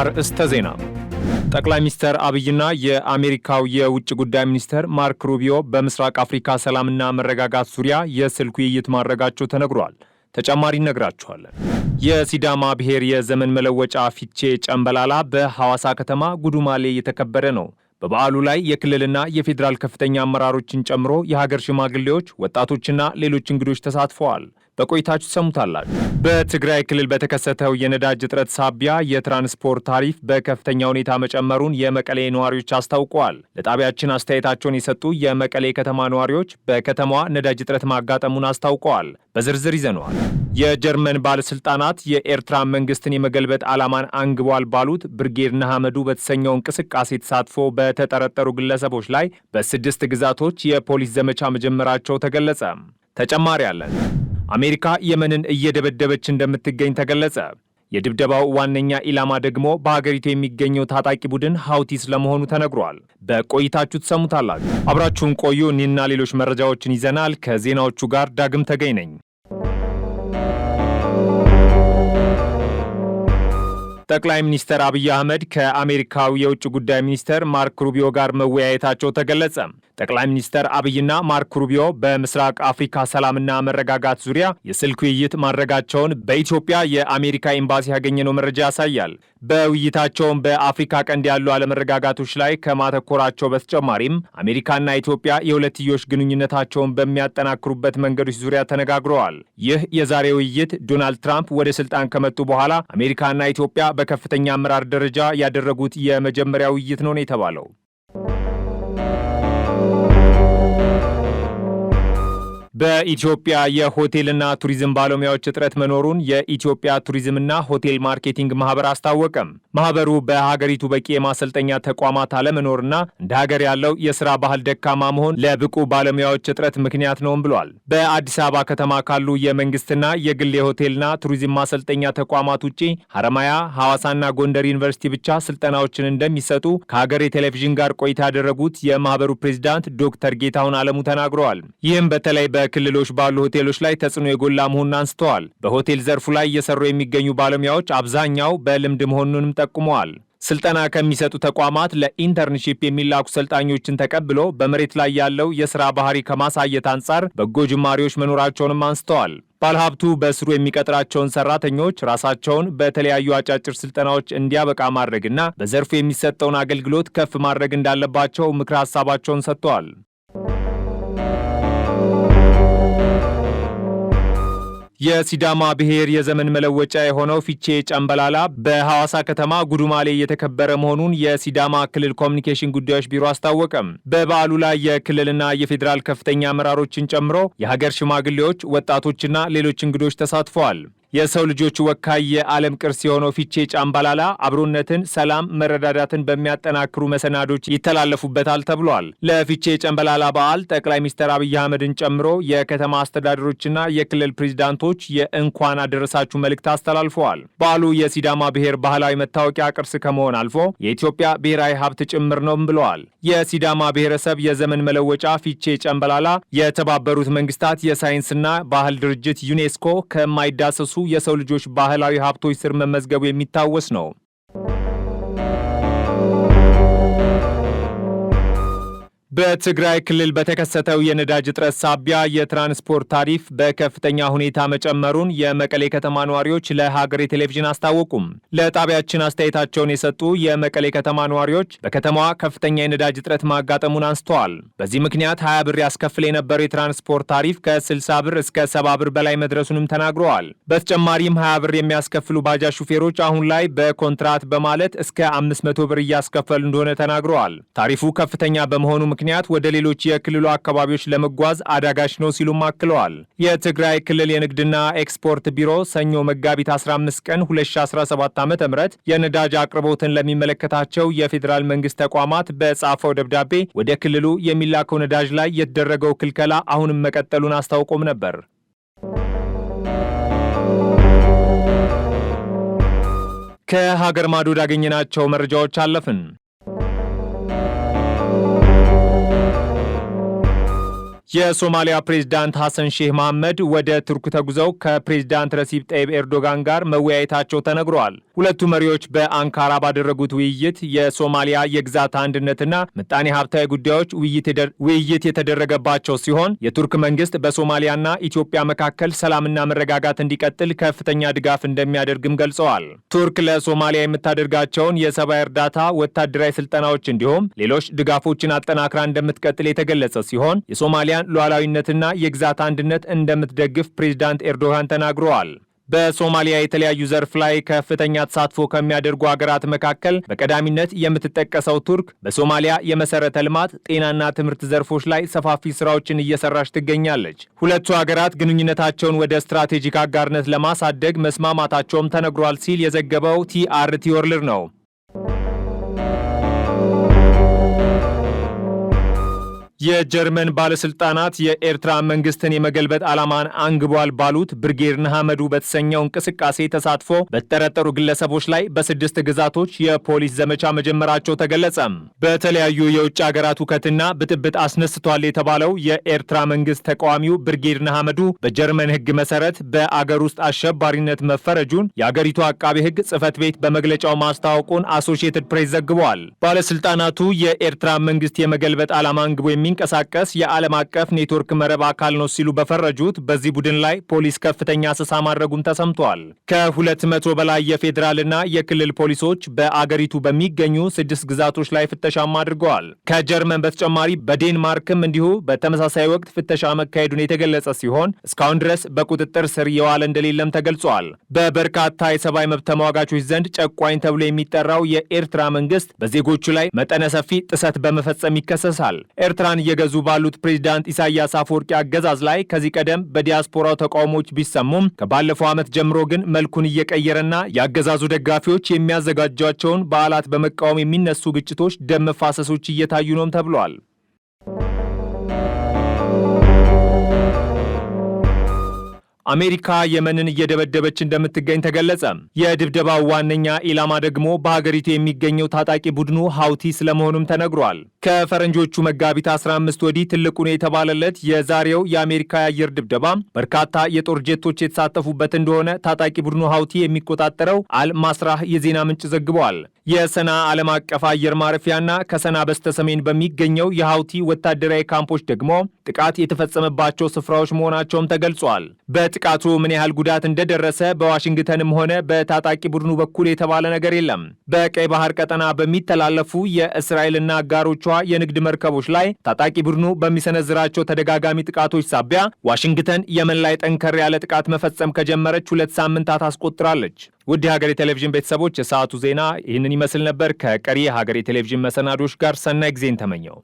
አርእስተ ዜና ጠቅላይ ሚኒስትር አብይና የአሜሪካው የውጭ ጉዳይ ሚኒስትር ማርክ ሩቢዮ በምስራቅ አፍሪካ ሰላምና መረጋጋት ዙሪያ የስልክ ውይይት ማድረጋቸው ተነግሯል። ተጨማሪ እነግራችኋለን። የሲዳማ ብሔር የዘመን መለወጫ ፊቼ ጨምበላላ በሐዋሳ ከተማ ጉዱማሌ የተከበረ ነው። በበዓሉ ላይ የክልልና የፌዴራል ከፍተኛ አመራሮችን ጨምሮ የሀገር ሽማግሌዎች፣ ወጣቶችና ሌሎች እንግዶች ተሳትፈዋል። በቆይታችሁ ሰሙታላችሁ። በትግራይ ክልል በተከሰተው የነዳጅ እጥረት ሳቢያ የትራንስፖርት ታሪፍ በከፍተኛ ሁኔታ መጨመሩን የመቀሌ ነዋሪዎች አስታውቀዋል። ለጣቢያችን አስተያየታቸውን የሰጡ የመቀሌ ከተማ ነዋሪዎች በከተማዋ ነዳጅ እጥረት ማጋጠሙን አስታውቀዋል። በዝርዝር ይዘነዋል። የጀርመን ባለስልጣናት የኤርትራ መንግስትን የመገልበጥ ዓላማን አንግቧል ባሉት ብርጌድ ነሐመዱ በተሰኘው እንቅስቃሴ ተሳትፎ በተጠረጠሩ ግለሰቦች ላይ በስድስት ግዛቶች የፖሊስ ዘመቻ መጀመራቸው ተገለጸ። ተጨማሪ አለን። አሜሪካ የመንን እየደበደበች እንደምትገኝ ተገለጸ። የድብደባው ዋነኛ ኢላማ ደግሞ በሀገሪቱ የሚገኘው ታጣቂ ቡድን ሀውቲስ ለመሆኑ ተነግሯል። በቆይታችሁ ትሰሙታላችሁ። አብራችሁን ቆዩ። እኒህና ሌሎች መረጃዎችን ይዘናል። ከዜናዎቹ ጋር ዳግም ተገኝ ነኝ። ጠቅላይ ሚኒስትር አብይ አህመድ ከአሜሪካው የውጭ ጉዳይ ሚኒስትር ማርክ ሩቢዮ ጋር መወያየታቸው ተገለጸ። ጠቅላይ ሚኒስትር አብይና ማርክ ሩቢዮ በምስራቅ አፍሪካ ሰላምና መረጋጋት ዙሪያ የስልክ ውይይት ማድረጋቸውን በኢትዮጵያ የአሜሪካ ኤምባሲ ያገኘነው መረጃ ያሳያል። በውይይታቸውም በአፍሪካ ቀንድ ያሉ አለመረጋጋቶች ላይ ከማተኮራቸው በተጨማሪም አሜሪካና ኢትዮጵያ የሁለትዮሽ ግንኙነታቸውን በሚያጠናክሩበት መንገዶች ዙሪያ ተነጋግረዋል። ይህ የዛሬ ውይይት ዶናልድ ትራምፕ ወደ ስልጣን ከመጡ በኋላ አሜሪካና ኢትዮጵያ በከፍተኛ አመራር ደረጃ ያደረጉት የመጀመሪያ ውይይት ነው ነው የተባለው። በኢትዮጵያ የሆቴልና ቱሪዝም ባለሙያዎች እጥረት መኖሩን የኢትዮጵያ ቱሪዝምና ሆቴል ማርኬቲንግ ማህበር አስታወቀም። ማህበሩ በሀገሪቱ በቂ የማሰልጠኛ ተቋማት አለመኖርና እንደ ሀገር ያለው የስራ ባህል ደካማ መሆን ለብቁ ባለሙያዎች እጥረት ምክንያት ነውም ብሏል። በአዲስ አበባ ከተማ ካሉ የመንግስትና የግል የሆቴልና ቱሪዝም ማሰልጠኛ ተቋማት ውጪ ሐረማያ፣ ሐዋሳና ጎንደር ዩኒቨርሲቲ ብቻ ስልጠናዎችን እንደሚሰጡ ከሀገሬ ቴሌቪዥን ጋር ቆይታ ያደረጉት የማህበሩ ፕሬዚዳንት ዶክተር ጌታሁን አለሙ ተናግረዋል። ይህም በተለይ በ በክልሎች ባሉ ሆቴሎች ላይ ተጽዕኖ የጎላ መሆኑን አንስተዋል። በሆቴል ዘርፉ ላይ እየሰሩ የሚገኙ ባለሙያዎች አብዛኛው በልምድ መሆኑንም ጠቁመዋል። ስልጠና ከሚሰጡ ተቋማት ለኢንተርንሺፕ የሚላኩ ሰልጣኞችን ተቀብሎ በመሬት ላይ ያለው የሥራ ባህሪ ከማሳየት አንጻር በጎ ጅማሬዎች መኖራቸውንም አንስተዋል። ባለሀብቱ በስሩ የሚቀጥራቸውን ሰራተኞች ራሳቸውን በተለያዩ አጫጭር ስልጠናዎች እንዲያበቃ ማድረግና በዘርፉ የሚሰጠውን አገልግሎት ከፍ ማድረግ እንዳለባቸው ምክር ሀሳባቸውን ሰጥተዋል። የሲዳማ ብሔር የዘመን መለወጫ የሆነው ፊቼ ጨምበላላ በሐዋሳ ከተማ ጉዱማሌ እየተከበረ መሆኑን የሲዳማ ክልል ኮሚኒኬሽን ጉዳዮች ቢሮ አስታወቀም። በበዓሉ ላይ የክልልና የፌዴራል ከፍተኛ አመራሮችን ጨምሮ የሀገር ሽማግሌዎች፣ ወጣቶችና ሌሎች እንግዶች ተሳትፈዋል። የሰው ልጆች ወካይ የዓለም ቅርስ የሆነው ፊቼ ጫምባላላ አብሮነትን፣ ሰላም፣ መረዳዳትን በሚያጠናክሩ መሰናዶች ይተላለፉበታል ተብሏል። ለፊቼ ጫምባላላ በዓል ጠቅላይ ሚኒስትር አብይ አህመድን ጨምሮ የከተማ አስተዳደሮችና የክልል ፕሬዚዳንቶች የእንኳን አደረሳችሁ መልእክት አስተላልፈዋል። በዓሉ የሲዳማ ብሔር ባህላዊ መታወቂያ ቅርስ ከመሆን አልፎ የኢትዮጵያ ብሔራዊ ሀብት ጭምር ነው ብለዋል። የሲዳማ ብሔረሰብ የዘመን መለወጫ ፊቼ ጫምባላላ የተባበሩት መንግስታት የሳይንስና ባህል ድርጅት ዩኔስኮ ከማይዳሰሱ የሰው ልጆች ባህላዊ ሀብቶች ስር መመዝገቡ የሚታወስ ነው። በትግራይ ክልል በተከሰተው የነዳጅ እጥረት ሳቢያ የትራንስፖርት ታሪፍ በከፍተኛ ሁኔታ መጨመሩን የመቀሌ ከተማ ነዋሪዎች ለሀገሬ ቴሌቪዥን አስታወቁም። ለጣቢያችን አስተያየታቸውን የሰጡ የመቀሌ ከተማ ነዋሪዎች በከተማዋ ከፍተኛ የነዳጅ እጥረት ማጋጠሙን አንስተዋል። በዚህ ምክንያት 20 ብር ያስከፍል የነበረው የትራንስፖርት ታሪፍ ከ60 ብር እስከ 70 ብር በላይ መድረሱንም ተናግረዋል። በተጨማሪም 20 ብር የሚያስከፍሉ ባጃጅ ሹፌሮች አሁን ላይ በኮንትራት በማለት እስከ 500 ብር እያስከፈሉ እንደሆነ ተናግረዋል። ታሪፉ ከፍተኛ በመሆኑ ምክንያት ወደ ሌሎች የክልሉ አካባቢዎች ለመጓዝ አዳጋች ነው ሲሉም አክለዋል። የትግራይ ክልል የንግድና ኤክስፖርት ቢሮ ሰኞ መጋቢት 15 ቀን 2017 ዓ ም የነዳጅ አቅርቦትን ለሚመለከታቸው የፌዴራል መንግስት ተቋማት በጻፈው ደብዳቤ ወደ ክልሉ የሚላከው ነዳጅ ላይ የተደረገው ክልከላ አሁንም መቀጠሉን አስታውቆም ነበር። ከሀገር ማዶ ያገኘናቸው መረጃዎች አለፍን። የሶማሊያ ፕሬዝዳንት ሐሰን ሼህ መሐመድ ወደ ቱርክ ተጉዘው ከፕሬዝዳንት ረሲብ ጠይብ ኤርዶጋን ጋር መወያየታቸው ተነግረዋል። ሁለቱ መሪዎች በአንካራ ባደረጉት ውይይት የሶማሊያ የግዛት አንድነትና ምጣኔ ሀብታዊ ጉዳዮች ውይይት የተደረገባቸው ሲሆን የቱርክ መንግስት በሶማሊያና ኢትዮጵያ መካከል ሰላምና መረጋጋት እንዲቀጥል ከፍተኛ ድጋፍ እንደሚያደርግም ገልጸዋል። ቱርክ ለሶማሊያ የምታደርጋቸውን የሰብአዊ እርዳታ፣ ወታደራዊ ስልጠናዎች እንዲሁም ሌሎች ድጋፎችን አጠናክራ እንደምትቀጥል የተገለጸ ሲሆን የሶማሊያ ሉዓላዊነትና የግዛት አንድነት እንደምትደግፍ ፕሬዚዳንት ኤርዶጋን ተናግረዋል። በሶማሊያ የተለያዩ ዘርፍ ላይ ከፍተኛ ተሳትፎ ከሚያደርጉ ሀገራት መካከል በቀዳሚነት የምትጠቀሰው ቱርክ በሶማሊያ የመሰረተ ልማት፣ ጤናና ትምህርት ዘርፎች ላይ ሰፋፊ ስራዎችን እየሰራች ትገኛለች። ሁለቱ ሀገራት ግንኙነታቸውን ወደ ስትራቴጂክ አጋርነት ለማሳደግ መስማማታቸውም ተነግሯል ሲል የዘገበው ቲአርቲ ወርልድ ነው። የጀርመን ባለስልጣናት የኤርትራ መንግስትን የመገልበጥ ዓላማን አንግቧል ባሉት ብርጌር ንሓመዱ በተሰኘው እንቅስቃሴ ተሳትፎ በተጠረጠሩ ግለሰቦች ላይ በስድስት ግዛቶች የፖሊስ ዘመቻ መጀመራቸው ተገለጸ። በተለያዩ የውጭ ሀገራት ውከትና ብጥብጥ አስነስቷል የተባለው የኤርትራ መንግስት ተቃዋሚው ብርጌር ንሓመዱ በጀርመን ህግ መሰረት በአገር ውስጥ አሸባሪነት መፈረጁን የአገሪቱ አቃቤ ህግ ጽህፈት ቤት በመግለጫው ማስታወቁን አሶሺየትድ ፕሬስ ዘግቧል። ባለስልጣናቱ የኤርትራ መንግስት የመገልበጥ ዓላማ አንግቦ የሚ የሚንቀሳቀስ የዓለም አቀፍ ኔትወርክ መረብ አካል ነው ሲሉ በፈረጁት በዚህ ቡድን ላይ ፖሊስ ከፍተኛ ስሳ ማድረጉም ተሰምቷል። ከሁለት መቶ በላይ የፌዴራልና የክልል ፖሊሶች በአገሪቱ በሚገኙ ስድስት ግዛቶች ላይ ፍተሻም አድርገዋል። ከጀርመን በተጨማሪ በዴንማርክም እንዲሁ በተመሳሳይ ወቅት ፍተሻ መካሄዱን የተገለጸ ሲሆን እስካሁን ድረስ በቁጥጥር ስር የዋለ እንደሌለም ተገልጿል። በበርካታ የሰብአዊ መብት ተሟጋቾች ዘንድ ጨቋኝ ተብሎ የሚጠራው የኤርትራ መንግስት በዜጎቹ ላይ መጠነ ሰፊ ጥሰት በመፈጸም ይከሰሳል። ኤርትራን እየገዙ ባሉት ፕሬዚዳንት ኢሳያስ አፈወርቂ አገዛዝ ላይ ከዚህ ቀደም በዲያስፖራው ተቃውሞዎች ቢሰሙም ከባለፈው ዓመት ጀምሮ ግን መልኩን እየቀየረና የአገዛዙ ደጋፊዎች የሚያዘጋጇቸውን በዓላት በመቃወም የሚነሱ ግጭቶች፣ ደም መፋሰሶች እየታዩ ነውም ተብለዋል። አሜሪካ የመንን እየደበደበች እንደምትገኝ ተገለጸ። የድብደባው ዋነኛ ኢላማ ደግሞ በሀገሪቱ የሚገኘው ታጣቂ ቡድኑ ሀውቲ ስለመሆኑም ተነግሯል። ከፈረንጆቹ መጋቢት 15 ወዲህ ትልቁ ነው የተባለለት የዛሬው የአሜሪካ የአየር ድብደባ በርካታ የጦር ጄቶች የተሳተፉበት እንደሆነ ታጣቂ ቡድኑ ሀውቲ የሚቆጣጠረው አልማስራህ የዜና ምንጭ ዘግቧል። የሰና ዓለም አቀፍ አየር ማረፊያና ከሰና በስተሰሜን በሚገኘው የሀውቲ ወታደራዊ ካምፖች ደግሞ ጥቃት የተፈጸመባቸው ስፍራዎች መሆናቸውም ተገልጿል። በጥቃቱ ምን ያህል ጉዳት እንደደረሰ በዋሽንግተንም ሆነ በታጣቂ ቡድኑ በኩል የተባለ ነገር የለም። በቀይ ባህር ቀጠና በሚተላለፉ የእስራኤልና አጋሮቿ የንግድ መርከቦች ላይ ታጣቂ ቡድኑ በሚሰነዝራቸው ተደጋጋሚ ጥቃቶች ሳቢያ ዋሽንግተን የመን ላይ ጠንከር ያለ ጥቃት መፈጸም ከጀመረች ሁለት ሳምንታት አስቆጥራለች። ውድ የሀገሬ ቴሌቪዥን ቤተሰቦች የሰዓቱ ዜና ይህንን ይመስል ነበር። ከቀሪ የሀገሬ ቴሌቪዥን መሰናዶች ጋር ሰናይ ጊዜን ተመኘው።